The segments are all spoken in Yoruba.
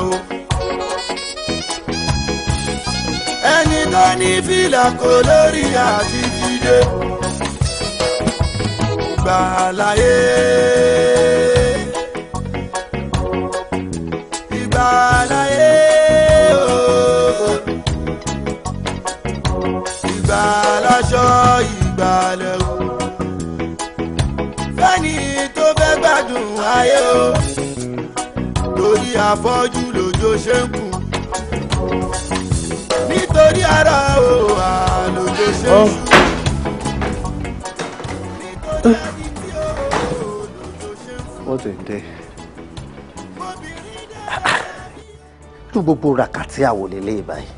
o. ẹni tó ní fìlà kò lórí àti jíde gbà láyé. ìgbà láyé o. ìgbà láṣọ ìgbà lẹ́wọ̀ fẹ́ni tó fẹ́ gbádùn ayé o lórí àfọ́jú ṣe ń kú nítorí ara o àlòjò ṣe ń kú. Oh. What a day. Tú gbogbo ràkàtí àwòlélé báyìí.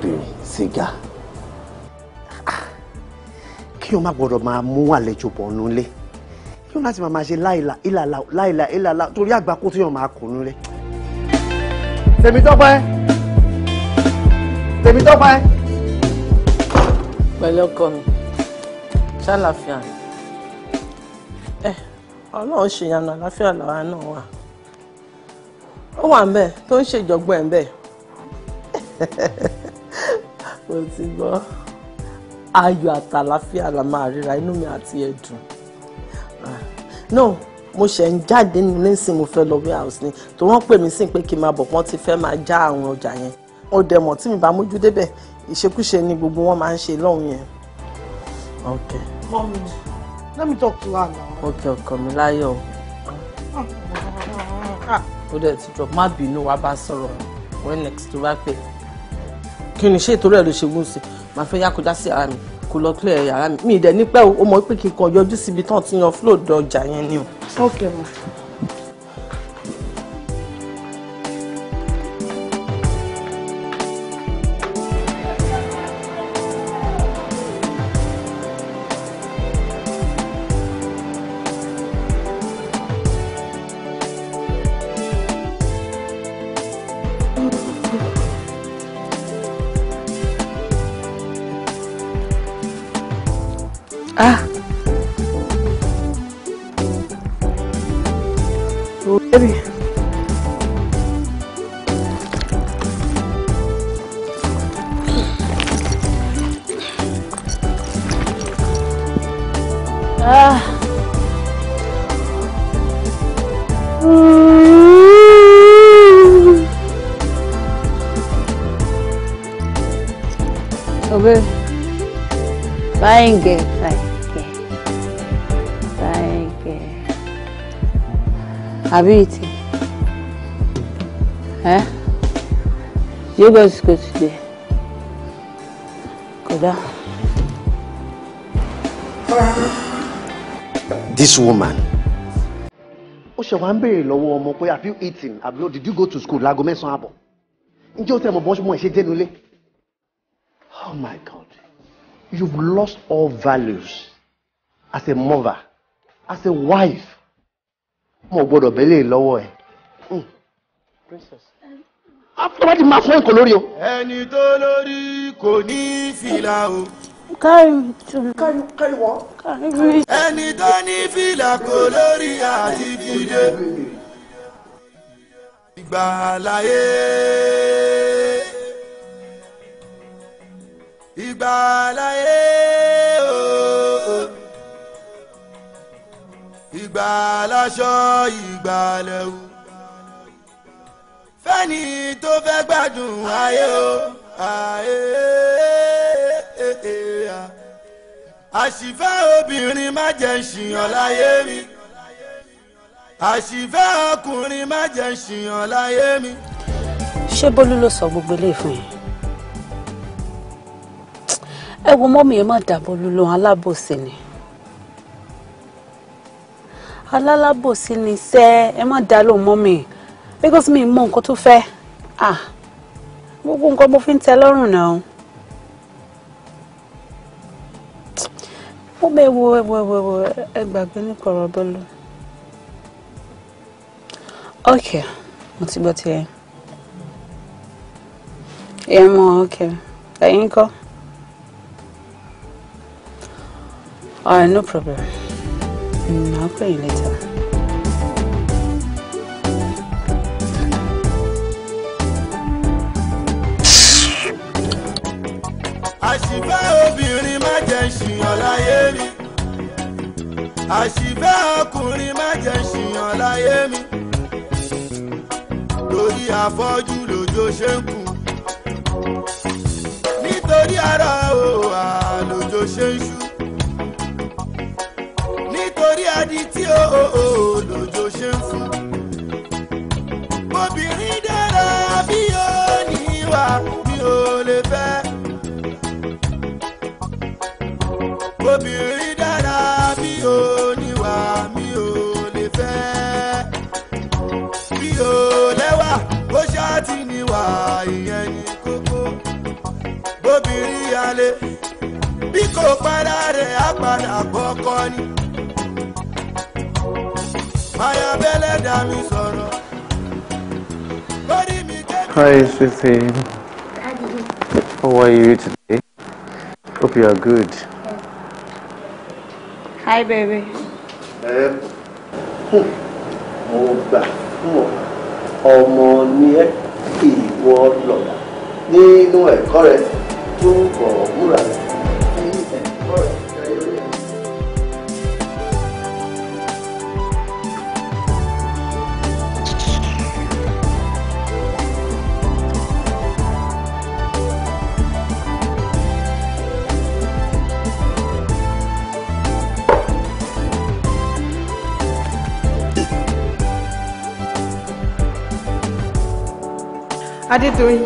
Bèrè sìgá. Kí o má gbọ́dọ̀ máa mú àlejò bọ̀ nulẹ̀. Kí o láti máa ṣe láìla ìlàlà ìlàlà torí àgbákò tí yóò máa kò nulẹ̀. Tèmítọ́pẹ́ Tèmítọ́pẹ́. pẹ̀lú ọkọ mi ṣàlàfíà ẹ ọlọ́run ṣèyànnà àlàáfíà làwa náà wà ó wà ń bẹ̀ tó ń ṣèjọgbọ́n ẹ̀ ń bẹ̀ mo ti gbọ́ ayọ̀ àtàlàáfíà la máa ríra inú mi àti ẹ̀dùn ah, no mo ṣẹ̀ ń jáde nílé sí mo fẹ́ lọ warehouse ni tó wọ́n pè mí sí pé kí n máa bọ̀ wọ́n ti fẹ́ máa já àwọn ọjà yẹn ó dẹ̀ mọ̀ tí mi bá mójú débẹ̀ ìṣekúṣe ni gbogbo wọn máa ń ṣe lọ́hùn yẹn. okay. mọ́mi let me talk to her now. okay ọkọ mi láyọ̀ ah. ó dẹ̀ ti drop má bínú wàá bá sọ̀rọ̀ when next tó bá pè. kí ni ṣé ìtòrí ẹ̀ ló ṣe wúnsì máa fẹ́ yá kọjá sí ara mi kó lọ clear yàrá mi mi ì dẹ̀ ní pẹ́ o mọ̀ pé kí n kàn yọjú síbi tán ti yan flow dọjà yẹn ni o. ok ma. ah oh, baby. Ah. Oh, Buying game. àbí ìtì ẹ yogurt kò ti dé kò dá. this woman. ó ṣe wá ń béèrè lọ́wọ́ ọmọ pé have you eaten àbí o did you go to school láago mẹ́sàn-án àbọ̀ ǹjẹ́ o tẹ̀ mọ̀ bọ́n mọ̀ ẹ̀ ṣe dénú ilé. oh my god you've lost all values as a mother as a wife mo gbọ́dọ̀ bẹlẹ lọ́wọ́ ẹ. Hmm. afọwọ́dì máa fọ́ nǹkan lórí o. ẹni tó lórí kò ní fìlà o. kárí kárí kárí wọ́n. ẹni tó ní fìlà kò lórí àti fìdé. ìgbà láyé. ìgbà láyé. ìgbà láṣọ ìgbà lẹ́wù fẹ́ni tó fẹ́ gbádùn ayé o ayé eh, eh, eh, ah. àṣìfẹ́ obìnrin má jẹ́ ṣìyàn láyé mi àṣìfẹ́ ọkùnrin má jẹ́ ṣìyàn láyé mi. ṣé bólú ló sọ gbogbo eléyìí fún yín ẹ wo mọ́mí ẹ má dà bólú lóhun alábòsí ni alálábòsí ni sẹ́ ẹ má dá lóun mọ́ mi because mi mọ nǹkan tó fẹ́ ah gbogbo nǹkan mo fi ń tẹ lọ́rùn náà ó bẹ wo ẹwọ ẹwọ ẹwọ ẹ gbàgbé ní kọ̀rọ̀ bọ́lú ok mo ti gbọ́ tiẹ̀ ẹ mọ ok ẹ̀yin kọ́ all right no problem. Mm, I'll pay you later. àṣìfẹ́ obìnrin má jẹ́ ṣìyàn láyé mi àṣìfẹ́ ọkùnrin má jẹ́ ṣìyàn láyé mi lórí afọ́jú lójó ṣe ń kú nítorí ara òòhà lójó ṣe ń ṣú torí adi tí ó lòjó ṣe ń fún. obìnrin dára bí ó níwà bí ó lè fẹ́. obìnrin dára bí ó níwà mi ò lè fẹ́. bí ó lẹ́wà ó ṣáà ti níwà ìyẹn ni kókó. obìnrin alẹ́ bí kò padà rẹ̀ á padà bọ́kọ ni. Hi, Sissy. Daddy. How are you today? Hope you are good. Hi, baby. Mo gbà fún ọ, ọmọ ni ẹ ìwọ lọ̀dà nínú ẹ̀kọ́ rẹ tó ń kọ̀ ọ́ múra rẹ. Adédoyin,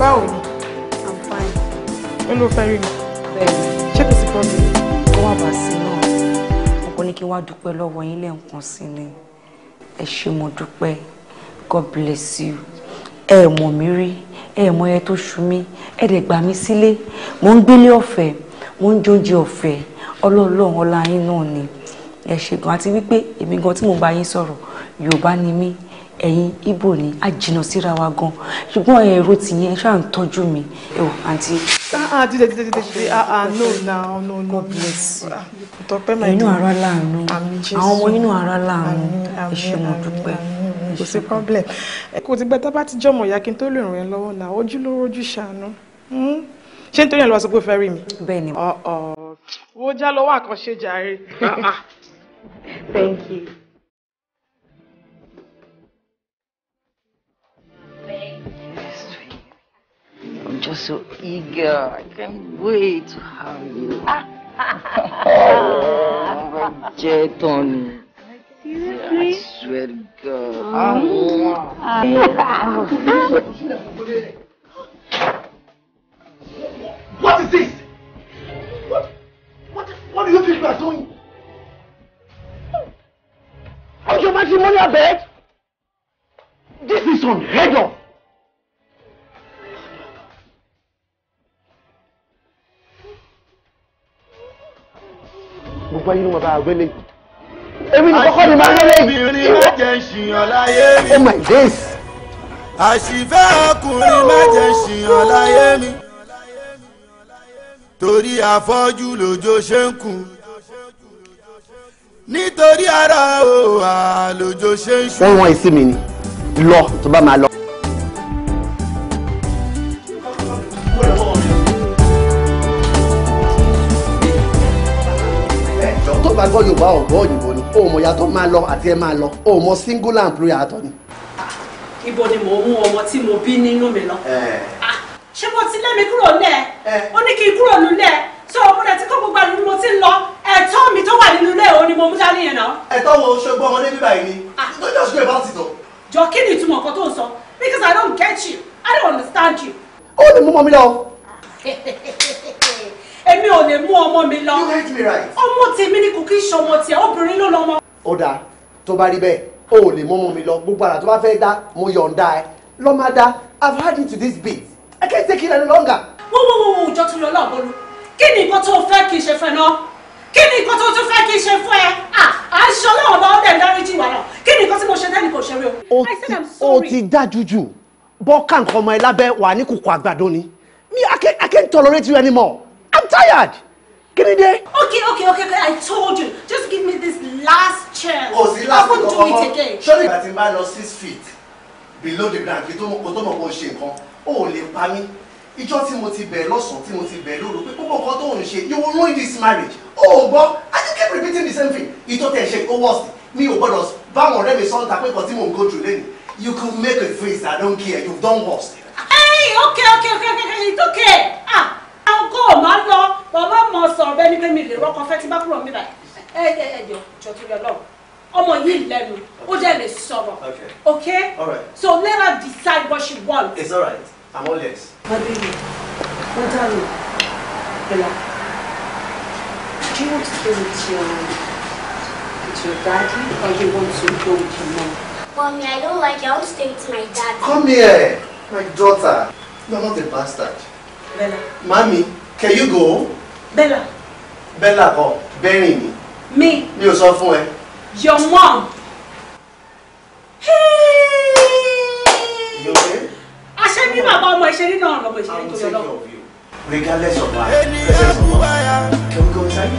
báwo ni? I'm fine. Ó ló fẹ́ rí mi. Bẹ́ẹ̀ni. Ṣé kò sí pọ́ọ̀bù? Ó wà bá sí náà. Mo kọ́ ní kí wá dúpẹ́ lọ́wọ́ yín lẹ́ẹ̀kan sí ni. Ẹ ṣé mo dúpẹ́. God bless you. Ẹ mọ̀ mí rí. Ẹ mọ ẹ tó ṣú mi. Ẹ dẹ̀ gbà mí sílé. Mo ń gbélé ọ̀fẹ́. Mo ń jóúnjẹ ọ̀fẹ́. Ọlọ́ọ̀lọ́ọ̀ ọlá yín náà ni. Ẹ ṣé gan àti wípé èmi gan tí mo bá yín sọ̀rọ̀ Yorùbá ni mí ẹ̀yin ibo ni a jìnnà síra wa gan ṣùgbọ́n ẹ̀rọ ti yẹn ṣáà ń tọ́jú mi ẹ̀wọ̀ àǹtí. Ah, ah, dídé dídé ah, ah, no na no no bless ah, tọpẹ́ máa inú ara láàánú àwọn ọmọ inú ara láàánú ẹ ṣé mo dúpẹ́. kò sí problem kò ti gbẹ tá bá ti jọmọ ìyá kí n tó lè ràn ẹ́ lọ́wọ́ náà ojú ló rójú ṣàánú hmm? ṣé nítorí ẹ̀ lọ́wọ́ sọ pé fẹ́ rí mi. bẹ́ẹ̀ni. wo já lọ́wọ́ àkànṣe jàre. thank you. just so eager. I can't wait to have you. Oh, Jeton. Seriously? I swear to God. Oh. Oh. What is this? What, what, what do you think you are doing? On your matrimonial bed? This is unheard of. gbọ́ yín ni wọ́n èmi ní kọ́kọ́ ni máa wẹ́lẹ̀ yìí. oh my days. àṣìfẹ́ ọkùnrin má ṣìyàn láyé mi torí àfọ́jú lòjó ṣe ń kù nítorí ara ò àlòjó ṣe ń ṣù. wọ́n wọ́n ìsinmi ni lọ tó bá máa lọ. máa gbọ́ yorùbá ọ̀gbọ́ òyìnbó ni o mọ̀ yàtọ̀ máa lọ àti ẹ máa lọ o mọ̀ singular employer àtọ̀ ni. Ah, ibo ni mò ń mú ọmọ tí mo bí nínú mi lọ. Ah, ṣé mo ti lé mi kúrò nílẹ̀ ó ní kí n kúrò nílẹ̀ tó o múlẹ̀ tí kò gbogbo àlù ni mo ti ń lọ ẹ̀tọ́ mi tó wà nínú ilé òun ni mo mú dání yẹn náà. ẹ̀tọ́ wo ṣọgbọ́n ọmọdé bíbá yìí ni ah. tó jọ ṣùgbọ́n ìbá ti tọ̀. jọ kí ni ìtumọ̀ kan tó ń sọ because I don't get you I don't understand you. ó lè mú mọ́ mi lọ. èmi ò lè mú ọmọ mi lọ ọmọ tèmi ni kò kí í ṣọmọ tiẹ̀ obìnrin ló lọmọ. ó dáa tó bá rí bẹ́ẹ̀ o ò lè mú ọmọ mi lọ gbogbo ara tó bá fẹ́ dá mo yọ̀ǹda ẹ lọ́mọdá I've had it to this bit I can't take it any longer. wọ́n wọ́n wọ́n òòjọ́ tún lọ lọ́ọ̀bọ̀lù kí ni nǹkan tó fẹ́ kí n ṣe fẹ́ náà kí ni nǹkan tó tún fẹ́ kí n ṣe fún ẹ à ń ṣe ọlọ́run bá ó dẹ̀ dáríjì wà náà kí ni nǹkan tí mo ṣe dẹ́nu kò ṣe rí o. o ti dájú jù bọ́ọ̀ká nǹkan ọmọ ẹ lábẹ́ wà ní kòkò àgbàdo ni mi I can't tolerate you anymore. I'm tired. Give me dé? Okay, okay, okay, okay, I told you. Just give me this last chance. Oh, the last one. I won't do it again. Surely that man lost six feet below the ground, kí don't. mọ̀ tó mọ̀ kó ṣe nǹkan, ó lè pa mí. Ìjọ́ tí mo ti bẹ̀rẹ̀ lọ́sàn-án tí mo ti bẹ̀rẹ̀ lóru pé gbogbo nǹkan tó you will ruin this marriage. Oh, but I just keep repeating the same thing. Ìjọ́ tẹ̀ ṣe Oh, worst. Mi ò gbọ́dọ̀ báwọn ọ̀rẹ́ mi sọ́ńtà pé that tí mò ń go through lẹ́nu. You could make a face, I don't care, you've done worse. Hey, okay, okay, okay, okay, it's okay. Ah ọgọ́ máa lọ bàbá mọ̀ sọ̀rọ̀ bẹ́ẹ̀ ni pé mi lè rọ́kọ fẹ́ tí bá kúrò mi bá ẹ ẹ ẹ jọ jọ tó lọ lọ ọmọ yìí lẹ́nu ó dẹ̀ lè sọ̀rọ̀ okay so let her decide what she wants. it's alright i'm all ears. Adéyẹ wọ́n dárò Bella do you want to go with your with your daddy or you want to go with your mom. Mommy, I don't like I want to stay with my dad. Come here, my daughter. You're not a bastard. Bella. Mami, can you go? Bella. Bella kọ, bẹ́rìn ni. Me. Mi ò sọ fún ẹ. Your mom. Hey! You okay? Àṣẹ bí màmá ọmọ ìṣeré náà lọ́mọ ìṣeré tó yọ lọ́wọ́. Regardless of my regardless of mind, can we go inside?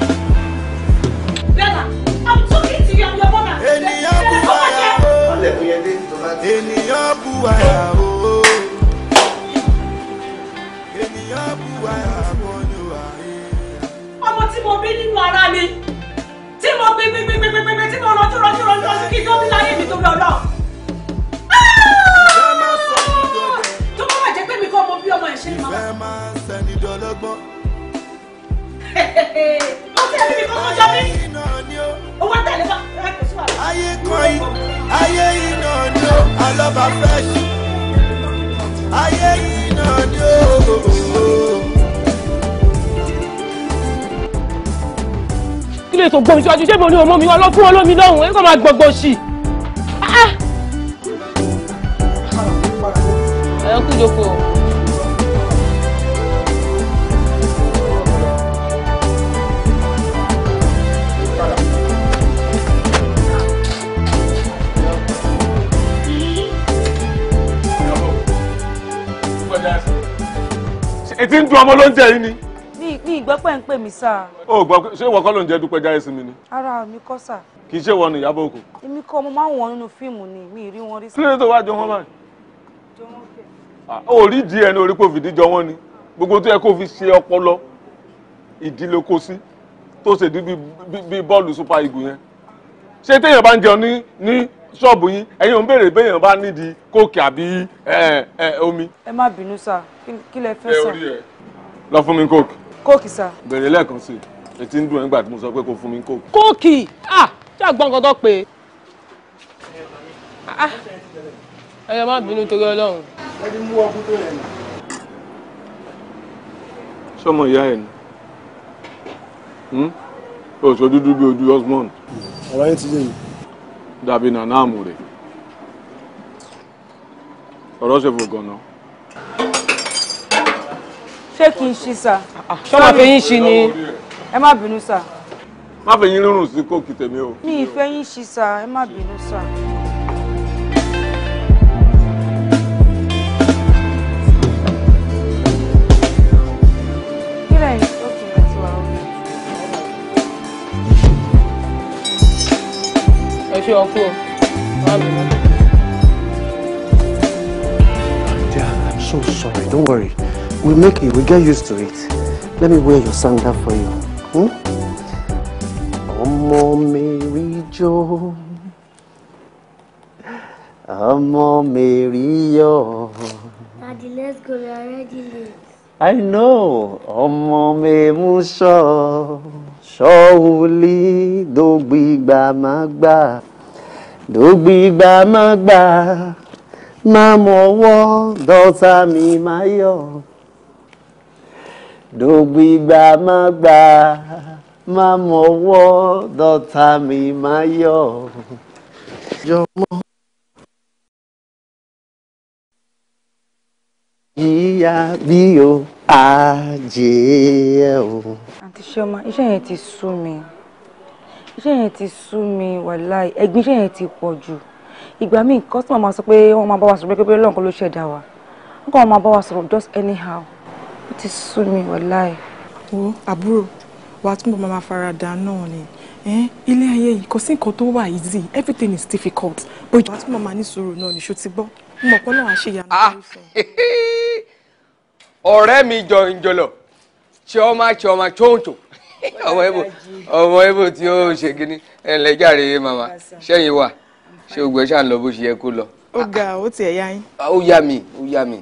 Bella, I'm talking to you, I'm your mother. mom. Ènìyàn bú àyà o. Ènìyàn bú àyà o. ọmọ tí mo bí nínú ara mi tí mo bí pípípípípí tí mo rọjú rọjú rọjú rọjú kí tó bí láyé mi tó bí ọlọ́run. tó bá wà jẹ́ pé mi kọ́ mo bí ọmọ ẹ̀ ṣe ni màmá. ó tẹ̀lé mi kọ́ mo jọ mí owó tẹ̀lé bá a sí wa. ayé kan yìí ayé yìí náà ni ó alọ́ba fresh ayé yìí kí lè tó gbọ́ mi síwájú ṣé mo ní ọmọ mi wá lọ́kùn olómi lọ́hùn ẹ̀ kọ́ máa gbọ̀gbọ̀ sí i. Ah, ah. ẹ kú jókòó. etí ń dun ọmọ ló ń jẹ yín ni. mi mi ìgbọ́ pẹ̀ ń pè mí sá. o gbọ́ ṣé ìwọ kọ́ ló ń jẹ dúpẹ́ jáde sí mi ni. ara mi kọ́ sà. kì í ṣe wọ ni Ìyábọ̀ Òjó. èmi kọ́ mo máa ń wọ̀ nínú fíìmù ni mi ì rí wọn rí sí. kílódé tó wá jọ wọn báyìí. jọ wọn rí ìdí ẹni orí kò jọ wọn ni gbogbo tó yẹ kó fi ṣe ọpọlọ ìdí ló kó sí tó ṣe di bí bọ́ọ̀lù super eagle yẹn ṣé téèyàn bá ń jẹun ní ní ṣọ́ọ̀bù yín ẹ̀yin ò ń béèrè béèyàn bá nídìí kóòkì àbí omi. ẹ má bínú sáà kí lẹ fẹ́ sọ. lọ fún mi coke. coke sir. bẹ̀rẹ̀ lẹ́ẹ̀kan sí i etí ń dùn ẹ́ nígbà tí mo sọ pé kò fún mi coke. kóòkì ah ṣé àgbọn kan tó pé ah, ah. ẹyẹ má bínú torí Ọlọ́run. ẹni mú ọkùn tó yẹn. sọmọ ìyá ẹ ni hmm? oṣù dúdú bíi ojú Osmond. ọ̀rọ̀ yẹn ti yé mi. dàbí nàná àmúre ọ̀rọ̀ ṣe fò gan-an ṣé kì í ṣí sà. sọ́mọ fi yín ṣí ni ẹ má bínú sà. má fẹ́ yín rírun sí kóòkì tèmi o. mi ì yín ṣí sà ẹ má bínú sà. ẹ ṣe ọkú o má bínú. Yeah, I'm so sorry. Don't worry. We make it, we get used to it. Let me wear your sandal for you. Hmm? Ọmọ Mary Jo. jó, Mary mi Daddy, let's go, We're already late. I know, ọmọ mi mú ṣọ́, ṣọ́ wòlí, magba. má gbà, dògbìgbà má gbà, má mọ̀wọ́, dọ́ta mi má yọ̀ dògbìgbà má gbà má mọ̀wọ́ dọ́ta mi má yọ̀ jọmọ́. yíyá bí o àjẹ ẹ o. àǹtí Ṣọmọ iṣẹ́ yẹn ti sú mi iṣẹ́ yẹn ti sú mi wàláì ẹ̀gbin iṣẹ́ yẹn ti pọ̀ jù ìgbà míì kọ́sìmọ̀ máa sọ pé wọ́n máa bá wa sọ̀rọ̀ pé Ọlọ́run kọ́ ló ṣẹ̀dá wa wọ́n kàn máa bá wa sọ̀rọ̀ just anyhow ti sú mi wàláì. wo àbúrò wàá túbọ̀ máa fara dà náà ni ilé ayé yìí kò sí nǹkan tó wà easy everything is difficult bójú wàá túbọ̀ máa ní sùúrù náà nìṣó ti gbọ́ mo mọ̀ pé náà ṣe ìyanu ah! ọ̀rẹ́ mi jọ̀njọ̀lọ̀ chioma chioma chonto. ọmọ ibo ọmọ ibo tí ó ṣe gini ẹnlẹ́jàre màmá sẹ́yìn wà ṣé ògbẹ́ ṣà ń lọ bó ṣe yẹ kó lọ. ó ga ó tiẹ̀ yá yín. ó yá mi ó yá mi.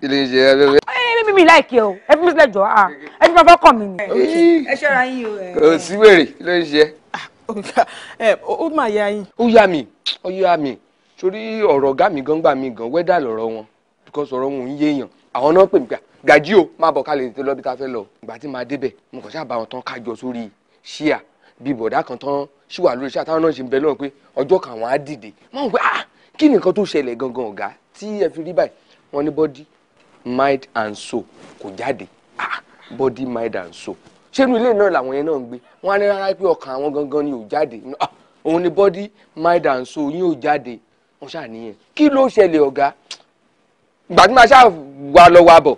kí ló ń ṣe ẹ bẹ́ẹ̀. ẹ mímí láìkí o ẹ fi mí sílẹ̀ jọ ah, ẹ fi máa fọ́kàn mi ni. ẹ ṣọ́ra yín o. kò sí wèrè kí ló ń ṣe. Ah, ó mà yá yín. ó yá mi ó yá mi torí ọ̀rọ̀ ọ̀gá mi gan gbà mí gan wẹ́dà lọ̀rọ̀ wọn because ọ̀rọ̀ wọn ò ń yéèyàn àwọn náà pè mí pé gàjí o máa bọ̀ ká lè tètè lọ́bí ta fẹ́ lọ ìgbà tí màá débẹ̀ mo kàn ṣàbàwọn tán kájọ sórí ṣíà bíi bọ̀dá kan tán ṣíwà lórí ṣíà táwọn náà ṣe ń bẹ lọ́rùn pé ọjọ́ kan àwọn á dìde máa ń pẹ́ ah kí nìkan tó ṣẹlẹ̀ gangan ọ̀gá tí ẹ fi rí báyìí wọ́n ní bọ́dí mind and soul kò jáde ah body mind and soul ṣénu ilé náà làwọn yẹn náà ń gbé wọn á ní rárá pé ọkàn àwọn gangan ni ò jáde ah, òun ni body mind and soul yín ò jáde wọn ṣáà nìyẹn kí ló ṣẹlẹ̀ ọ̀gá gbàdúrà máa ṣáà wà lọ wà bọ̀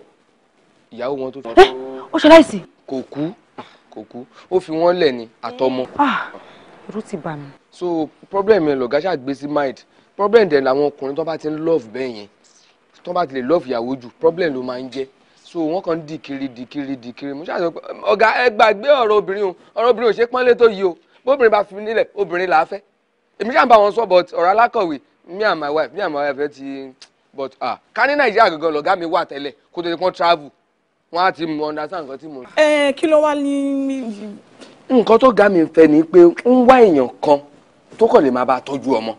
ìyàwó wọn tó fi. ẹ eh, ó ṣe láìsí. kò kú ah, kò kú ó fi wọ́n lẹ̀ ní àtọmọ. Ah, irú ti bà mí. so problem yẹn lọ̀gá ṣáà gbé sí mind problem dẹ̀ làwọn ọkùnrin tó bá ti ń love bẹ́ẹ̀ yẹn tó bá ti lọ́ọ̀fù ìyàwó jù problem ló máa ń jẹ́ so wọ́n kàn ń dìkiri dìkiri dìkiri mo ṣàṣọ pé ọ̀gá ẹ gbàgbé ọ̀rọ̀ obìnrin o ọ̀rọ̀ obìnrin ò ṣe pọ́nlé tó yìí o bóbìnrin bá fi nílẹ̀ obìnrin là á fẹ́ èmi ṣáà ń bá wọn sọ but ọ̀rọ̀ alákọ̀wé me and my wife me and my wife ti but ah ká ní nàìjíríà gangan lọ̀gá mi wà tẹ́lẹ̀ kó tó di pọ́n travel wọ́n á ti mọ understand nǹkan tí mo. ẹ kí ló wá ní. nǹkan tó ga mi fẹ́ ni pé ń wá èèyàn kan tó kàn lè máa bá tọ́jú ọmọ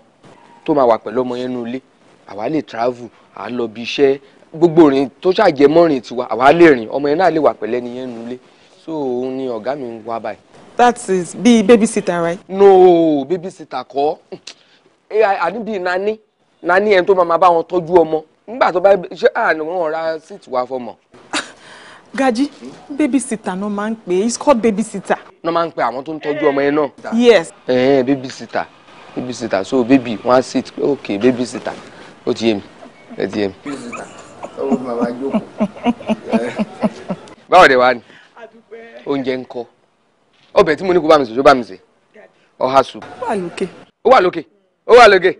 tó máa wà pẹ̀lú ọmọ yẹn nínú ilé àwa lè travel à ń lọ bí iṣẹ́ gbogbo rìn tó ṣàjẹ mọ́rin tiwa àwa lè rìn ọmọ yẹn náà lè wà pẹ̀lẹ́ nìyẹn nulẹ̀ so òun ni ọ̀gá mi ń wá báyìí. that is bíi babysitter right. no babysitter kọ́ àníbi nani nani ẹni tó máa bá wọn tọ́jú ọmọ nígbà tó bá ṣe àná wọn síìtì wá fọmọ. Gaji babysitter no máa ń pè it's called babysitter. No máa ń pe àwọn tó ń tọ́jú ọmọ yẹn náà. yes. ẹ̀ẹ́n babysitter babysitter so baby one sit okay babysitter ó ti yé mi ẹ ti yẹ mi. báwo de wa ni oúnjẹ ń kọ ọbẹ̀ tí mo ní kó bá mi sè tó bá mi sè ọha sùn. ó wà lókè. ó wà lókè ó wà lókè.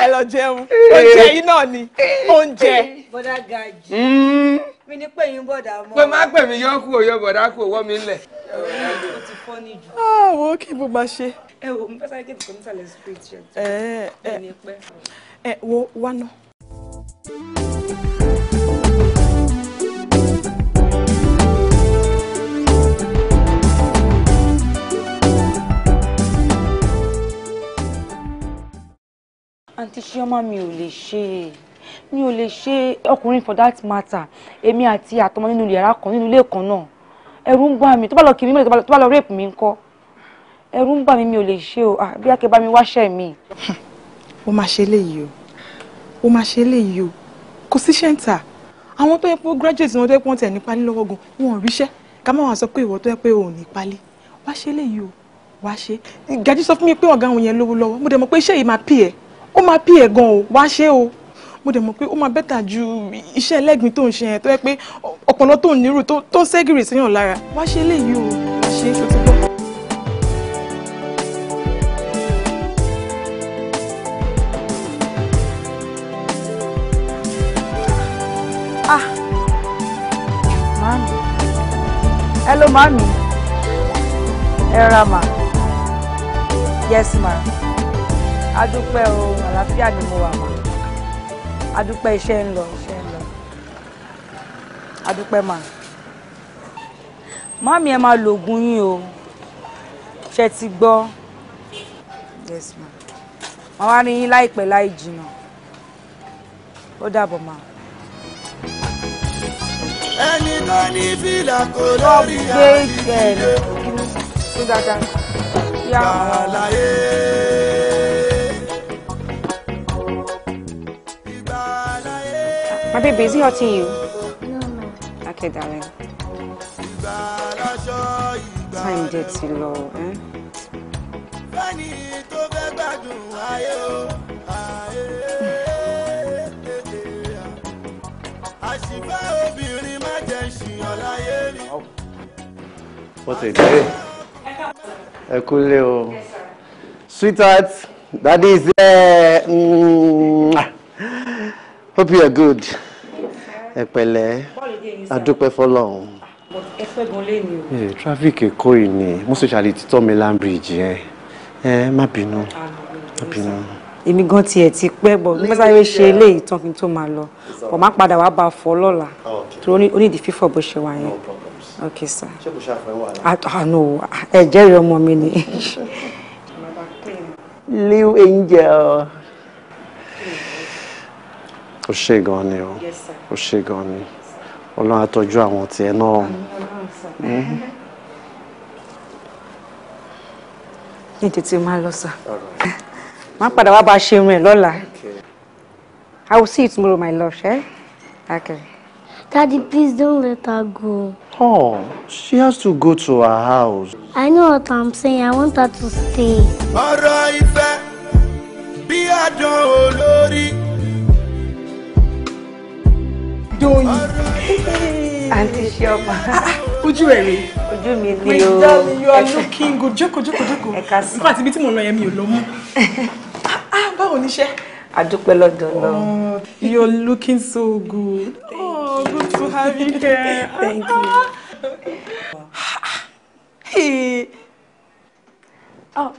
ẹ lọ jẹun oúnjẹ yìí náà ni oúnjẹ. bọ́dà gàjì hmm. mi ní pé yín bọ̀dà mọ́. pé má pè mí yọ kú bọ̀dà kú òwọ́ mi lẹ̀. àwọn ah, kí bó máa ṣe. ẹ wo mo fẹ́ sáré kí n kò spirit ṣe. ẹ ẹ ẹ eh, wo wá àǹtí Ṣíọ́mà mi ò lè ṣe mi ò lè ṣe ọkùnrin for that matter èmi àti àtọmọ nínú yàrá kan nínú ilé kan náà ẹ̀rù ń bà mí tó bá lọ kì mí tó bá lọ rape mi ńkọ́ ẹ̀rù ń bà mí mi ò lè ṣe o ah, bí akẹ́ bá mi wáṣẹ́ mi. ó máa ṣe eléyìí o ó máa ṣe eléyìí o kò sí ṣẹ́ńtà àwọn tó yẹ pé graduate wọn tó yẹ pé wọ́n tẹ̀ ní pálí lọ́wọ́ gan wọn ò ríṣẹ́ ká má wàá sọ pé ìwọ tó yẹ pé òun ní pálí wá ṣe eléyìí o wá ṣe gàdí sọ fún mi pé ọ̀gá òun yẹn lówó lọ́wọ́ mo dẹ̀ mọ̀ pé iṣẹ́ yìí máa pì ẹ́ ó máa pí ẹ̀ gan o wá ṣe o mo dẹ̀ mọ̀ pé ó máa bẹ́tà ju iṣẹ́ ẹlẹ́gbin tó ń ṣe yẹn tó yẹ pé ọpọlọ tó ń nírú tó ń ṣẹ́gìrì síyàn lára wá ṣe léyìí o wá ṣe é ṣòtúbọ̀. Ah. Mami. Hello, Mami. Erama. Yes, ma adúpẹ́ o àlàáfíà ni mo wà mà adúpẹ́ iṣẹ́ ń lọ iṣẹ́ ń lọ adúpẹ́ mà mami ẹ máa lògùn yín o ṣe ti gbọ́ màá wá rí yín láìpẹ́ láì jìnnà ó dàbọ̀ mà. ẹni tó ní fìlà kò lórí àdìsí lé òkú. àlàyé. My baby, is he hurting you? No, ma'am. Okay, darling. Time dates you low, eh? What a day. Ekule o. Sweetheart, daddy is there. Mm. Hope you are good ẹ pẹ̀lẹ́ adúpẹ́ fọ́lọ́run. ẹ traffic èkó yìí ni most especially títọ́ mainland bridge yẹn ẹ má bínú má bínú. èmi gan tiẹ̀ ti pẹ́ bọ̀ nígbà tí wọ́n ṣe eléyìí tán kí n tó máa lọ kò má padà wá bá a fọ́ lọ́la tó onídìí fífọ̀ bó ṣe wà yẹn. ok sir. ṣé kò ṣàfẹ́ wà. àná ẹ̀jẹ̀ rẹ̀ ọmọ mi ni. Little angel ó ṣe gan ni o ó ṣe gan ni ọlọ́run á tọ́jú àwọn tiẹ̀ náà. Hmm. ní tètè máa lọ sà máa padà wá bá a ṣe irun ẹ lọ́la I will see you tomorrow my love ṣe. Okay. Daddy, please don't let her go. Oh, she has to go to her house. I know what I'm saying. I want her to stay. ọ̀rọ̀ ìfẹ́ bí àdán olórí. Doyin. Àǹtí Ṣíọ́mà. Ojú ẹ̀ rè. Ojú mi ni o. My darling, you are looking good. Joko, Joko, Joko. In fact, sùn. Nípa àti ibi tí mò ń lọ yẹn mi ò lọ mú. Ah, ah, báwo ni iṣẹ́? Adúpẹ́ lọ́dọ̀ náà. Oh, you are looking so good. oh, good to have you here. Thank you. Ah, hey. oh.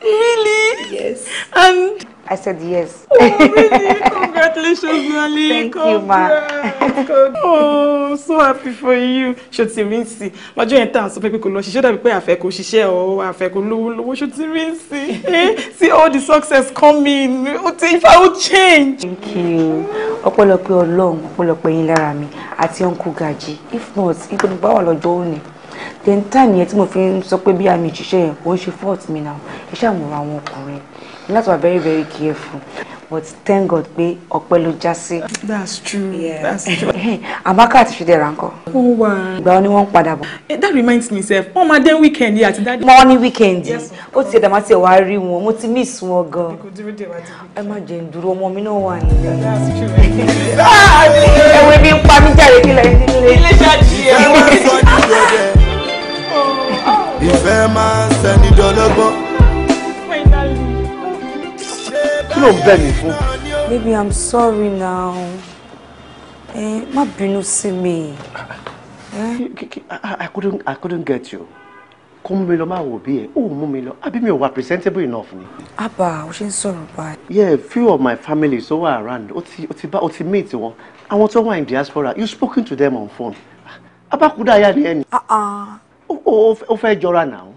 really? Yes. And. I said yes. Oh, really? Congratulations, Nali. Thank you, ma. oh, so happy for you. Shotirinsi. Majo So tàn sọ pé kò lọ ṣiṣẹ́ dàbí pé àfẹ́ kò ṣiṣẹ́ o, àfẹ́ kò lówó lówó Shotirinsi. Eh, see all the success coming. If I would change. Thank you. Ọpẹ́lọpẹ́ Ọlọ́run, ọpẹ́lọpẹ́ yín lára mi àti Uncle Gaji. If not, ibo ni bá wà lọ́jọ́ òní then time yẹn tí mo fi ń sọ pé bí àmì ìṣiṣẹ́ yẹn kò ń ṣe fault mi náà ẹ ṣàmùrà àwọn you have very very careful but thank God pé ọpẹ́ ló já sí. that's true yeah. that's true. amaka àti fide rankọ. ó wà. ìgbà wo ni wọ́n ń padà bọ̀. Eh, that reminds me sef wọ́n máa dé weekend yìí àti dáadé. wọ́n ní weekend yìí ó ti ẹ̀dá máa ti wá rí wọn mo ti miss wọn gan. ẹ má jẹ́ ń dúró ọmọ mi náà wà nílé. ẹ̀wọ̀n mi ń pa mí jáde kílẹ̀ nílé. ilé ṣáàjì. ló ń bẹ̀ mí fún. baby i'm sorry now ẹ má bínú sí mi. i couldn't i couldn't get you kó mú mi lọ máa wò bí ẹ ó mú mi lọ àbí mi ò wà presentable enough ni. abba o ṣe ń sọ̀rọ̀ báyìí. yeah few of my family so were around o ti o ti ba o ti meet wọn àwọn tó wà in diaspora you spoken to them on phone abakuda ya ni ẹ ni. o ah, ah. fẹ́ jọra now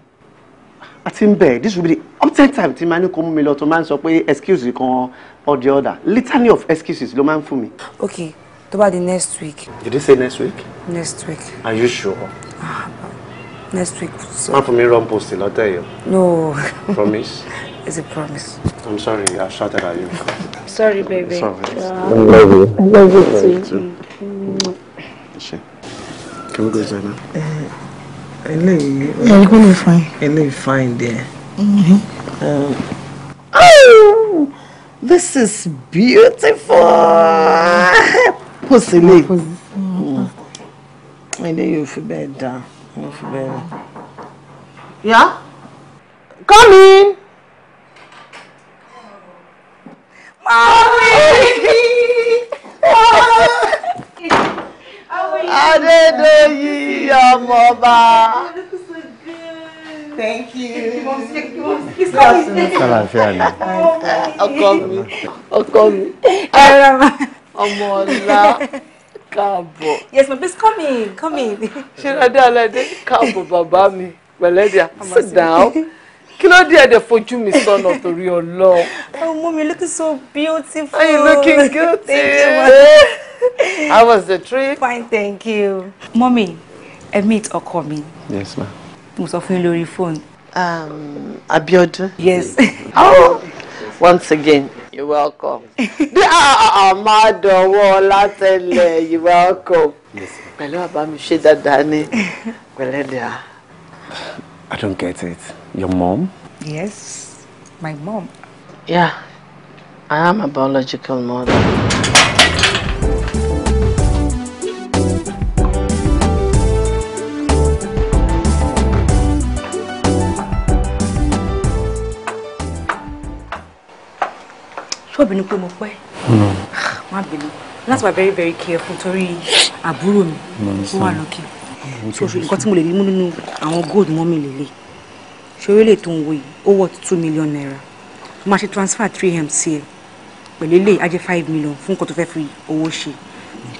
àti ń bẹ̀ this will be the uptime time tí máa ní kó mú mi lọ tó máa ń sọ pé excuse kan or the other litany of excuses ló máa ń fún mi. ok tó bá di next week. did you say next week. next week. are you sure. Ah, next week. So. má fún mi run post lọ́tẹ̀ yìí. no. promise. it's a promise. i'm sorry i shouted at you. sorry baby. sorry. Yeah. i love you. i love you too. too. Mm. can we go inside now. Uh, eléyìí eléyìí fine eléyìí fine there. Mm-hmm. Um, oh this is beautiful Pussy me. eléyìí ò fi bẹ́ẹ̀ dá ò fi bẹ́ẹ̀ rẹ̀. Yeah? Come in. Mommy! Adedoyin. You're Moba. Thank you. Yes, my please come in, come in. Ṣé Adé come káàbọ̀ bàbá mi lady, sit down Claudia, the dé ẹ̀dẹ̀ fojú mi sọ́nà torí ọlọ́. Oh, mom, you're looking so beautiful. Are you looking good? Thank you, mommy. How was the trip? Fine, thank you. Mommy, ẹ meet ọkọ mi. yes ma. mo sọ fún yín lórí fóònù. Um, Abiodun. Yes. oh, once again, you're welcome. Amadowo Latele, you're welcome. Yes. Pẹ̀lú Abamishe Dadani, Gweledia. I don't get it. Your mom? Yes, my mom. Yeah, I am a biological mother. tó bínú pé mo pẹ́ ah, má bínú láti wà very very careful torí àbúrò mi tó wà lókè so nǹkan tí mo lè rí mú nínú àwọn gold mọ́ mi lélẹ̀ ṣoré lè tó ń wo yìí ó wọ̀ two million naira mo máa ṣe transfer three m sí ẹ pẹ̀lú ilé ajé five million fún nǹkan tó fẹ́ fi owó ṣe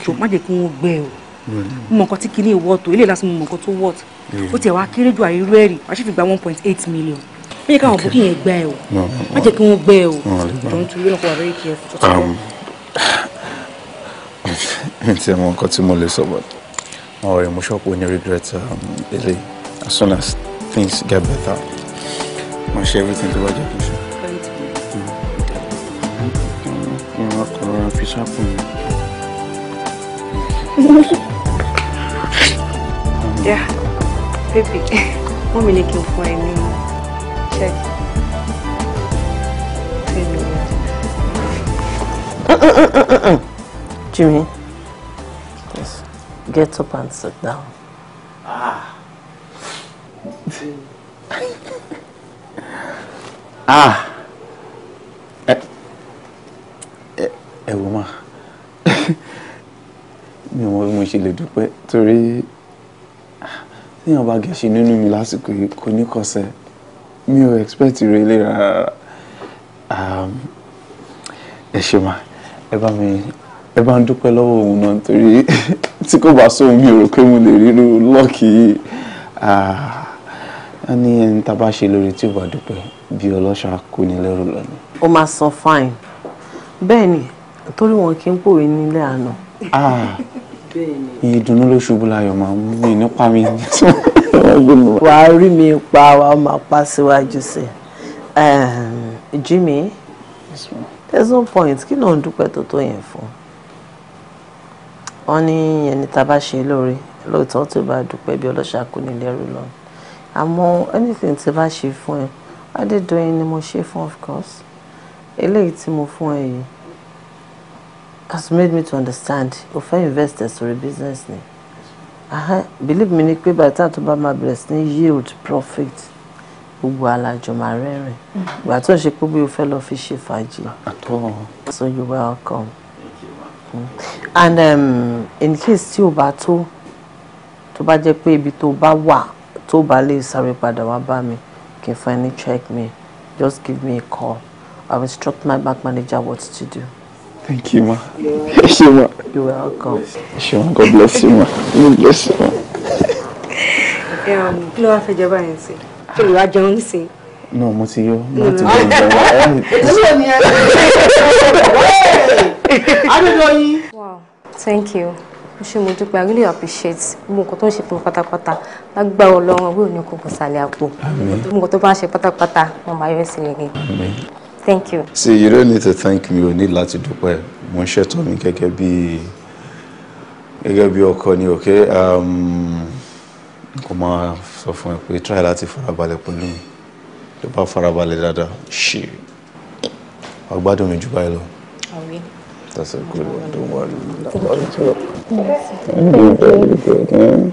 so má jẹ́ kí wọ́n gbẹ o mo mọ nǹkan tí kinní wọ́ọ̀tò ilé ìlàsìn mo mọ nǹkan tó wọ́ọ̀tò ó tiẹ̀ wá kéré àìrú ẹ̀rì wá sì fi gba one point eight million má jẹ́ káwọn booking yẹn gbà ẹ o má jẹ́ kí don't you know very careful. ǹtí àwọn nǹkan tí mo lè sọ bọ̀ wọn ọ̀rẹ́ mo ṣọ́ọ̀pù ní regret ilé as soon as things get better wọ́n share everything tó bá jẹ́ kí n ṣe. ìwọ kọ̀ ọ́n fi sápò mi. Yeah, baby, wọ́n making ní kí n check. Three Jimmy. Yes. Get up and sit down. Ah. ah. ẹ wò má mi ò mọ bí mo ṣe lè dúpẹ́ torí ah, téèyàn bá gẹ̀ṣin nínú mi lásìkò yìí kò mi ò expect rẹ lè rárá um, ẹ ṣe mà ẹ bá mi ẹ bá ń dúpẹ́ lọ́wọ́ òun náà nítorí tí kò bá sóhun mi ò rò pé mo lè rírú lọ́ọ̀kì yìí ah, a ní ẹni tá a bá ṣe lórí tí ò bá dúpẹ́ bí ọlọ́ṣà kò ní lẹ́rù lọ́nà. ó máa sọ fine bẹ́ẹ̀ ni torí wọn kì í pòwe nílé àná. Ah, ìdùnnú ló ṣubú láyọ̀ máa ń mú mi nípa mi. wà á rí mi pa wà á máa pa síwájú sí i Jimmy there's no point kí náà ń dúpẹ́ tó tó yẹn fún wọn ní ẹni tá a bá ṣe lóore lóòótọ́ tó bá dúpẹ́ bí ọlọ́ṣà kú ní lẹ́rù lọ àmọ́ anything tí bá ṣe fún ẹ adédọ́yìn ni mo ṣe fún of course eléyìí tí mo fún ẹ yìí has made me to understand o investors invest ẹ̀ business ni believe me, ni pé by the time tó bá my bẹ̀rẹ̀ sí ní yield profit gbogbo alájọ máa I mm-hmm. ìgbà tó ń ṣe pé bí o fẹ́ lọ fi ṣe fàájì so you welcome mm. and um, in case you o bá tó tó bá jẹ́ pé ibi tó bá wà tó bá lè sáré padà wá check me just give me a call I will instruct my bank manager what to do. Thank you, ma. Yes, you, ma. You're welcome. Yes, you, ma. God bless you, ma. God bless you, ma. Um, kí ló wá fẹ́ jọba yẹn sí? Kí ló wá jẹun sí? No, mo ti yọ. Mo ti jẹun jẹun. Ètùtù ni ẹ. Adúlọ yín. Wow, thank you. Mo ṣe mo dúpẹ́, I really appreciate gbogbo nǹkan tó ń ṣe fún mi pátápátá. Lágbára Ọlọ́run, owó ò ní kò kò sàlẹ̀ àpò. Gbogbo nǹkan tó bá ń ṣe pátápátá, wọ́n máa yọ ẹ́ sílẹ̀ ni. Thank you. See, you don't need to thank me. You need láti dúpẹ́. Mo ń to mi gẹ́gẹ́ bí gẹ́gẹ́ bí ọkọ ni, okay? Um, kò máa sọ fún ẹ try láti farabalẹ̀ pẹ̀lú mi. Tó bá farabalẹ̀ dáadáa, ṣe. Wàá gbádùn mi jù báyìí lọ. Àwí. That's a good one. Don't worry. Thank you. Thank you. Very good. Eh?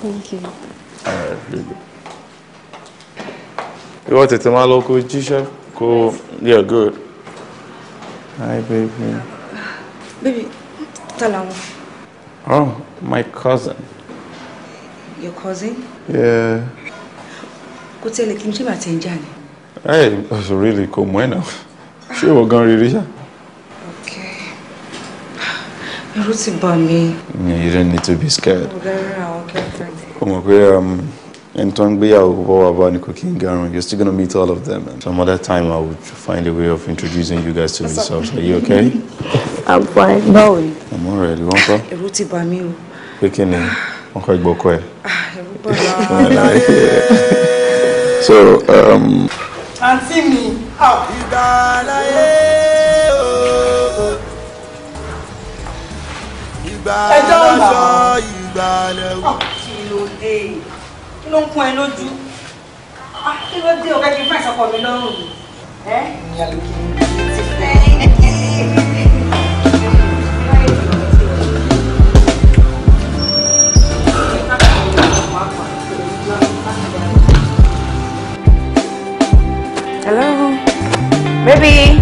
Thank you. All right, very good. You want to tell my local G-Chef? Cool. Yeah, good. Hi, baby. Baby, Talam. Oh, my cousin. Your cousin? Yeah. Kò tẹ́lẹ̀ kí n ṣe máa tẹ̀ ń jà ni. Hey, that's really kò mọ̀ ẹ́ náà. Ṣé to gan rírí ṣá? Okay. Ẹ̀rù ti bà mí. You don't need to be scared. Mo Okay. àwọn kẹ́kẹ́. Ó mọ̀ pé um, And you're still going to meet all of them. And some other time, I would find a way of introducing you guys to yourselves. Are you okay? I'm fine. No. I'm all right. You want to? Ẹ̀rù ti bà mí o. Pé kí ni? Wọ́n kọ́ ìgbọ́kọ̀ ẹ̀. Ah, ẹ̀rù bà mí. So, um... Àǹtí mi, ìgbàláyé o. Ìgbàlásọ ìgbàlẹ̀wò. Oh, kí ló dé? ló ń kún ẹ lójú ah, kí ló dé ọ̀gá kí n fà mi lọ́rùn mi. Hello, baby,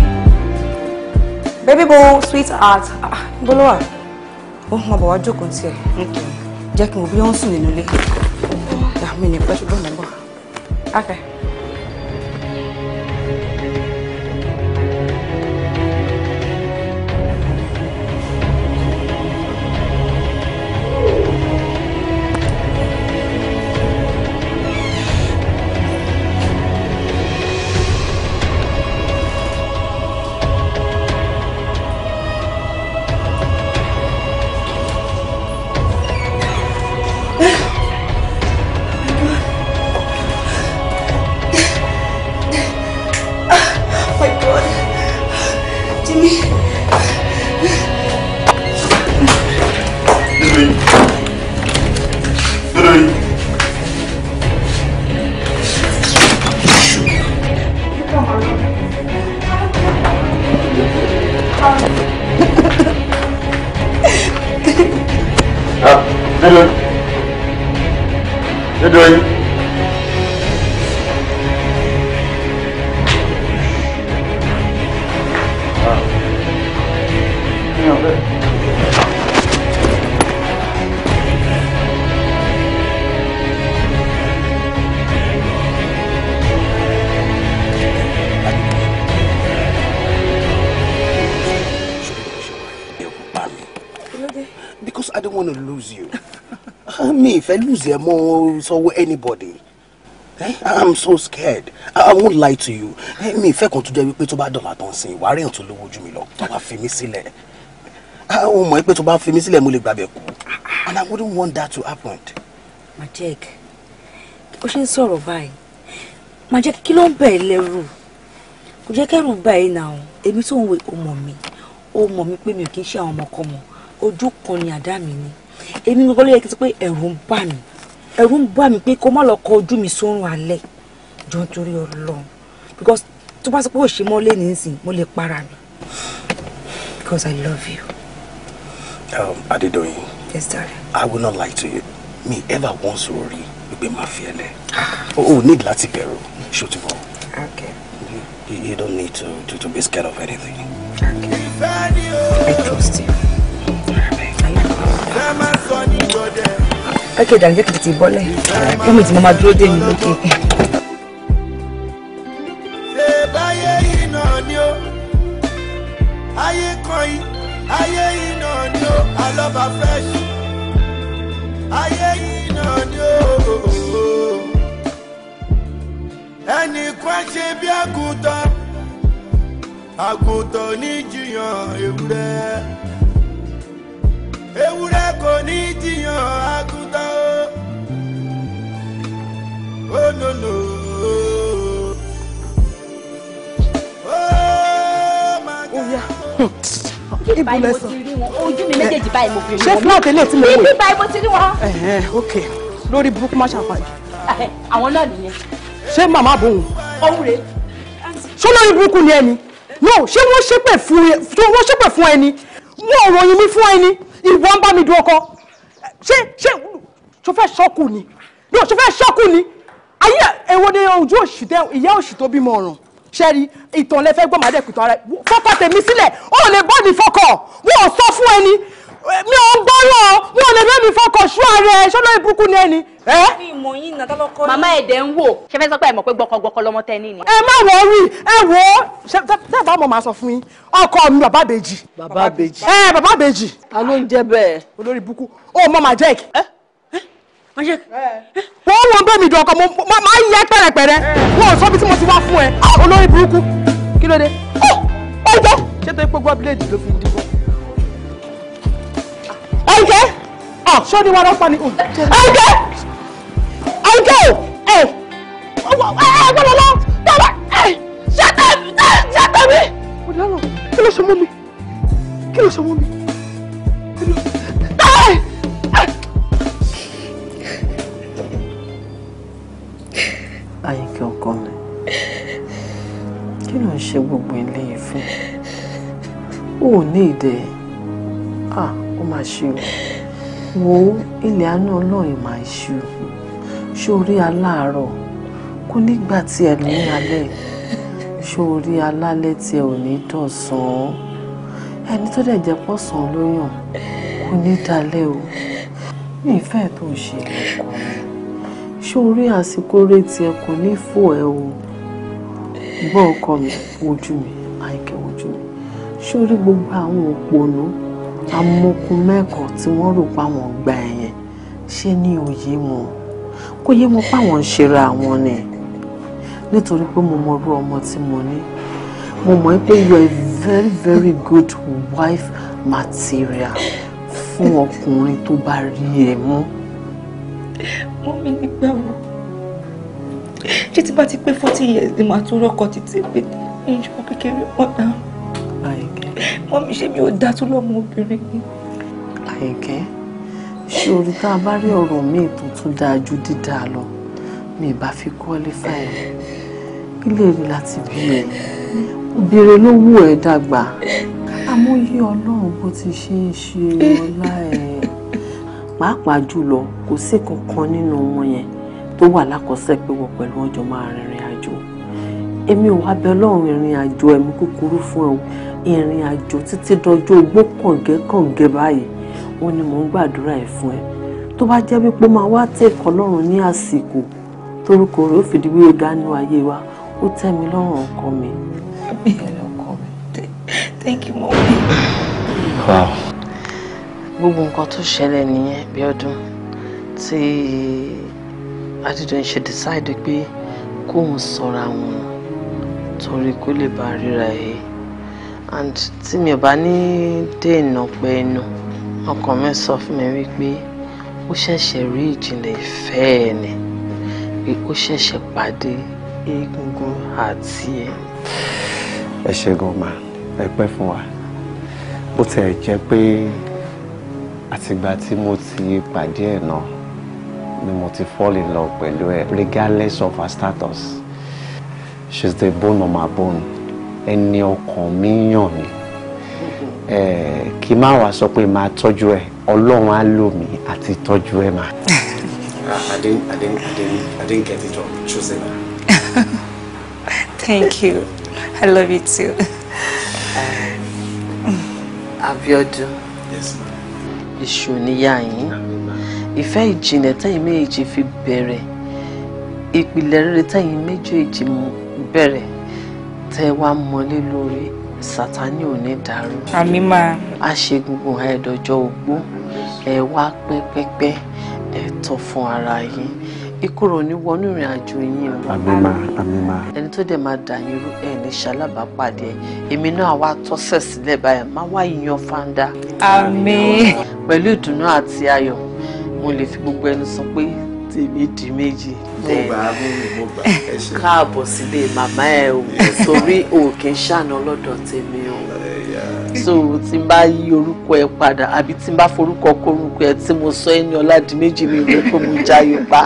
baby boo, sweetheart. Ah, bolo wa. Oh, ma bọ̀ wá jókòó tiẹ̀. Jẹ́ kí n wo bí wọ́n sùn nínú ilé. Ah, mi ní pẹ́ ṣùgbọ́n mo okay. fẹ́ lùzì ẹ̀ mọ́ sọ́wọ́ anybody eh? i'm so scared i won't lie to you eh, mi ìfẹ́ kan tó jẹ́ wípé tó to buy tán sí ìwà rẹ̀ tó lówó ju mi lọ tó bá fi mí sílẹ̀ ó ah, mọ̀ pé tó bá fi mí and i wouldn't want that to happen. majek ó ṣe ń sọ̀rọ̀ báyìí majek kí ló ń bẹ̀ ẹ́ lẹ́rù kò jẹ́ kẹ́rù bá ẹ nà ọ́n èmi tó ń wé ọmọ mi ó mọ̀ mí pé mi ò kí ń ṣe àwọn ọmọkọ́mọ ojú èmi gbogbo ló kí n sọ pé ẹ̀rù ń bà mí ẹ̀rù ń bà mí pé kó má lọ kọ ojú mi sórun alẹ́ jọ nítorí ọlọ́run because tó bá sọ pé òṣè mọ́ lé nísìn mo lè para mi because I love you. Um, Adedoyin. Yes, darling. I will not lie to you. Me ever once worry pé máa fi ẹlẹ ah. o ò need láti bẹ̀rù ṣòtúbọ̀ you don't need to, to, to be scared of anything. Okay. I trust you kákẹ́ ìdàrú jẹ́ kìtìtì bọ́lẹ̀ gómìnà tí mo máa dúró dé mi lókè. ẹnì kan ṣe bí àgùntàn àgùntàn ní jiyàn ewúrẹ́ kò ní jiyàn àgùntàn o oh no no. Oh, ojú mi méjèèjì báyìí mo fi rí wọn. ṣé fúnà tẹ́lẹ̀ tí mo wò. ibi báyìí mo ti rí wọn. ok lórí burúkú má ṣàpàdé. àwọn náà nìyẹn. ṣé màmá bòun. òun rè. ṣé lórí burúkú ni ẹni. no ṣé wọ́n ṣépè fún ẹni. wọ́n ròyìn mi fún ẹni ìwọ ń bá mi du ọkọ ṣé ṣé ṣo fẹ́ ṣọ́kù ni no ṣo fẹ́ ṣọ́kù ni ayé èwo ni ojú òṣì tẹ ìyá òṣì tó bímọ ọ̀ràn ṣẹ́rí ìtàn lẹ́fẹ́ gbọ́mọdé pìtàn ara fọ́kọ tèmi sílẹ̀ ó lè bọ́ ní fọ́kọ wọn ò sọ fún ẹni mi ò gbọ́rọ̀ mi ò lè bẹ́ẹ̀ mi fọkàn ṣú ààrẹ ṣọ́nà ìbùkún ni ẹni. màmá ẹ̀dẹ̀ ń wò ṣe fẹ́ sọ pé ẹ mọ̀ pé gbọkọgbọkọ lọmọ tẹ ní ni. ẹ má wọ rí ẹ wò ó ṣe bá mọ̀ máa sọ fún yín ọkọ mi bàbá bèjì. bàbá bèjì. ẹ bàbá bèjì. ta ló ń jẹ bẹ́ẹ̀. olórí ìbùkún ó mọ màá jẹ́ ẹ̀kí. wọ́n wọ bẹ́ẹ̀ mi dùn ọkọ máa yẹ pẹ̀rẹ̀pẹ̀rẹ̀ wọ́n sọ ẹ̀ǹkẹ́ ṣó ni wọn lọ́pàá ni ẹ̀ǹkẹ́ ẹ̀ǹkẹ́ ẹ̀ ẹ̀ẹ́dọ́lọ́ lọ bàbá ẹ̀ ṣàtẹ̀mí ṣàtẹ̀mí. ọ̀daràn kí ló ṣe mọ́ mi kí ló ṣe mọ́ mi. Àyìnkẹ́ ọkọ mi kí ló ń ṣe gbogbo eléyìí fún ò ní ìdẹ ah ó máa ṣe o wo ilẹ̀ àánú ọlọ́run máa ṣe o ṣórí aláàárọ̀ kú nígbà tí ẹ ní alẹ́ ṣórí alálẹ́ tí ẹ ò ní dọ̀sán ẹni tó dẹ̀ jẹ́ pọ̀sán ló yàn kú ní dalẹ́ o ní ìfẹ́ tó ń ṣe lẹ́kọ̀ọ́ ṣórí àsìkò retí ẹ kò ní fò ẹ o gbọ́ ọkọ mi wojú mi àìkẹ́ wojú mi ṣórí gbogbo àwọn òpònú amokun mẹ́kọ̀ọ́ tí wọ́n rò páwọn gba ẹ̀yẹn ṣé ní òye wọn kò yé wọn páwọn ń ṣera àwọn ni nítorí pé mo mọ irú ọmọ tí mo ní mo mọ̀ pé you are a very very good wife material fún ọkùnrin tó bá rí ẹ mú. wọ́n mi nígbà wo ṣé tí bá ti pé forty years ni màá tún rọ́kọ̀ títí pé ìjọba kékeré ọ̀dà. báyìí wọ́n mi ṣe mi ò dá tó lọ́mọbìnrin ni. àyìnkẹ́ ṣé orí tá a bá rí ọ̀rọ̀ míì tó tún dáa ju dídá lọ mi ì bá fi qualify ẹ̀ ilé rí láti bí ẹ obìnrin ló wù ẹ́ dàgbà amóyé ọlọ́run bó ti ṣe ń ṣe ọlá ẹ̀ pàápàá jùlọ kò sí kankan nínú wọn yẹn tó wà lákọsẹ́ pé wọ́n pẹ̀lú ọjọ́ máa rìnrìn àjò èmi ò wá bẹ ọlọ́run ìrìn àjò ẹ̀mí kúkúrú fún ẹ ìrìn àjò títí dọjọ́ ogbó kàngẹ́kàngẹ́ báyìí wọ́n ní mò ń gbàdúrà ẹ̀ fún ẹ tó bá jẹ́ wípé máa wá tẹ̀kọ́ lọ́rùn ní àsìkò torúkọ rẹ̀ ó fìdí wíwé dánú ayé wa ó tẹ́ mi lọ́rùn ọkọ mi. thank you mom. wow. gbogbo nǹkan tó ṣẹlẹ̀ nìyẹn bí ọdún tí Adédọ̀yìn ṣe decide pé kóun sọra wọn torí kó lè bá ríra ẹ̀ and tí mi ò bá ní dènà pẹ́ẹ́nu ọkàn mi sọ fún mi wípé ó ṣẹ̀ṣẹ̀ rí ìjìnlẹ̀ ìfẹ́ ẹ̀ ni pé ó ṣẹ̀ṣẹ̀ pàdé egungun àti ẹ̀. ẹ ṣe gan ma ẹ pẹ́ fún wa bó tẹ̀ jẹ́ pé àtìgbà tí mo ti pàdé ẹ̀ náà ni mo ti fall in love pẹ̀lú ẹ̀ regardless of her status she's the bone of my bone ẹni ọkàn mi yàn ni kí má wàá sọ pé máa tọ́jú ẹ ọlọ́run á lò mí àti tọ́jú ẹ mà. I didn't, I didn't, I didn't, I didn't get it wrong. Choose it. Thank you. I love you too. Um, Abiodun. Yes, ma'am. Èṣù níyà yín. Ìfẹ́ ìjìnlẹ̀ tẹ́yìn méjèèjì fi bẹ̀rẹ̀. Ìpìlẹ̀ rere tẹ́yìn méjèèjì bẹ̀rẹ̀ tẹ́ wá mọ́lé lórí sátani ò ní dàrú. àmì máa. a ṣe gbogbo ẹ̀dọ̀jọ́ ogbó ẹ wá pẹ́pẹ́pẹ́ ẹ tọ́ fún ara yín ìkorò ní wọnú ìrìn àjò yín o. àmì máa àmì máa. ẹni tó dẹ̀ máa dà yín rú ẹ̀ ní ṣalábàápàdé èmi náà wá tọ́sẹ̀ sílẹ̀ báyìí má wá yan fáńdà. àmín. pẹ̀lú ìdùnnú àti ayọ̀ mo lè fi gbogbo ẹnu sọ pé tèmi di méjì. mo gbà á mú mi mo gbà ẹ ṣe. káàbọ̀ sílé màmá ẹ o torí o kì ṣàna lọ́dọ̀ tèmi o so tí n bá yí orúkọ ẹ padà àbí tí n bá forúkọ kórúkọ ẹ tí mo sọ ẹ ní ọládìméjì mi rẹ pé mo jayò pa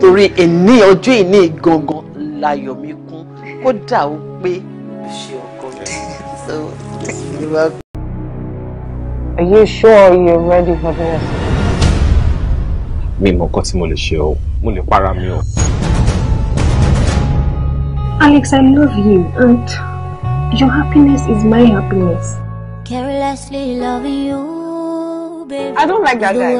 torí ẹni ọjọ́ ìní gangan láyọ̀ mi kún kódà ó pé ṣe ọkọ mi. Are you sure you're ready for this? mi nǹkan tí mo lè ṣe o mo lè para mi o. Alex, I love you and your happiness is my happiness. Carelessly loving you, I don't like that guy.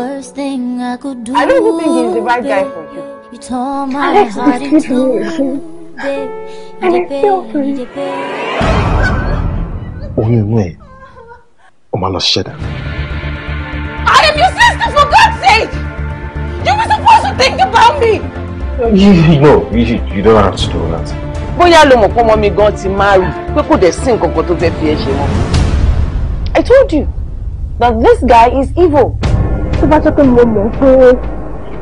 Do, I don't think he's the right guy for you. You tore my Alex, heart I two, babe. And I feel for you. Oyún inú ẹ̀, o máa lọ ṣẹ̀dá. I am your sister! to think about me. You, you know, you, you don't have to do that. Bóyá lo mọ̀ pé ọmọ mi gan ti marry pé kò dẹ̀ sí nǹkan to tó fẹ́ fi ẹ ṣe mọ́. I told you that this guy is evil. Tó bá jẹ́ pé mo mọ̀ pé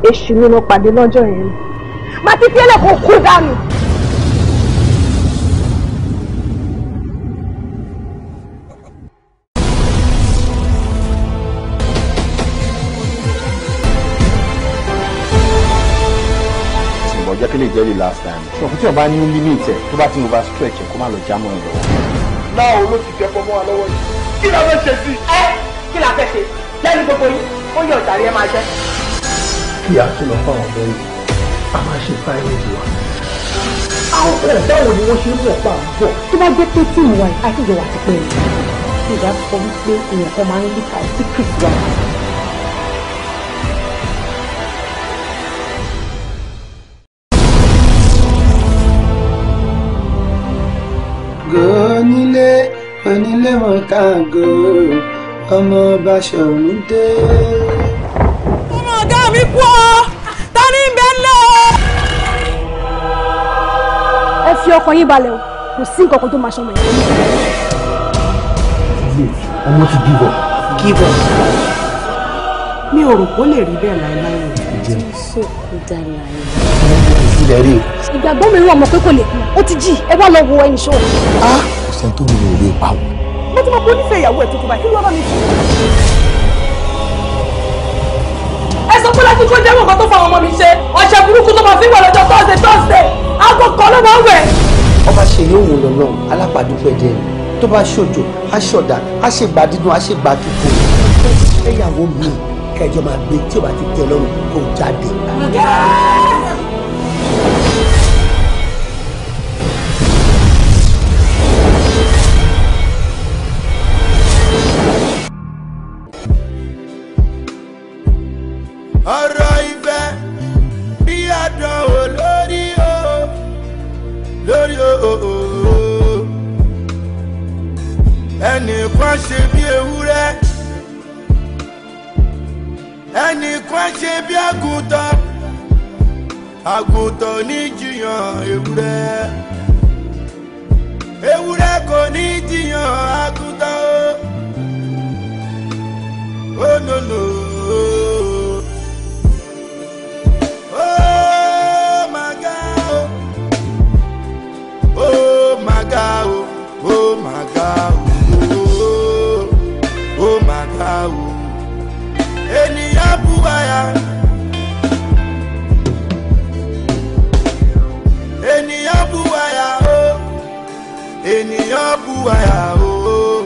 èṣù ni mo pàdé lọ́jọ́ yẹn. Màá ti fi ẹlẹ́kùn kú dànù. lè jẹ́ the last time ṣùgbọ́n tí o bá ní limit ẹ̀ tó bá ti over stretch ẹ̀ kó má lọ jámọ́ ẹ̀ lọ́wọ́. náà o ló ti tẹpọ mọ́ wa lọ́wọ́ yìí kí la fẹ́ ṣe sí. ẹ kí la fẹ́ ṣe lẹ́nu gbogbo yìí ó yọ ọ̀tàrí ẹ máa ṣẹ́. kí a kìlọ̀ fáwọn ọ̀dọ́ yìí a máa ṣe private wa. àwọn ọ̀rẹ́ báwo ni wọ́n ṣe ń bọ̀ pa àbọ̀. tó bá jẹ́ pé tí ìwà àtijọ́ wà ti pẹ́ ìjà secret wa. ilé wọn káàgó ọmọ ọba ṣọ̀run dé. ọmọ ọ̀gá mi kú ọ ta ni ń bẹ lọ. ẹ fi ọkàn yín balẹ̀ o kò sí nǹkan kan tó máa ṣọmọ yẹn. ọmọ ti give up. give up. mi ò rò kó lè rí bẹ́ẹ̀ láéláé o. so kò dá láyé. ìgbàgbọ́ mi rú ọmọ pé kò lè kú ó ti jí ẹ wá lọ wo ẹnì ṣọ́ọ̀. Ah! sẹ́ni tó rìn òwe pa wò. mo ti mọ pé onífẹ́ ìyàwó ẹ̀ tuntun báyìí kí ló rán mi jù. ẹ sọ pé láti kó jẹ́wọ́ nǹkan tó fa ọmọ mi ṣe ọ̀sẹ̀ burúkú tó máa fi wà lọ́jọ́ tọ́sídẹ̀ tọ́sídẹ̀ aago kan ló máa ń wẹ̀. ọba ṣe yóò wò lọ́nà alápàdúpẹ́ jẹ́ tó bá ṣòjò á ṣọ̀dà á ṣègbà dídùn á ṣègbà kíkó fẹ́yàwó mi kẹjọ máa gbé tí o bá ti tẹ lọ́rùn kó jáde. kan ṣe bí ewúrẹ́ ẹnì kan ṣe bí àgùntàn àgùntàn ní jiyàn ewúrẹ́ ewúrẹ́ kò ní jiyàn àgùntàn. buwaya o oh, oh.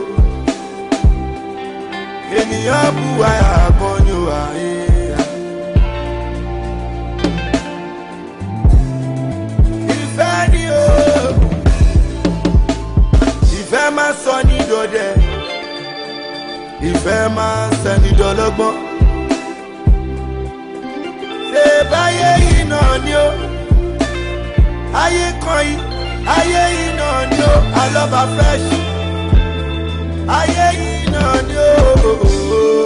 ènìyàn buwaya kan ni o àyè. ìfẹ́ ni o ìfẹ́ máa sọ ní dọdẹ ìfẹ́ máa sẹ́ni dọlọ́gbọ́n ṣe báyé yìí náà ni o ayé kan yìí ayé iná ni ó alọ́ba fresh ayé iná ni ó.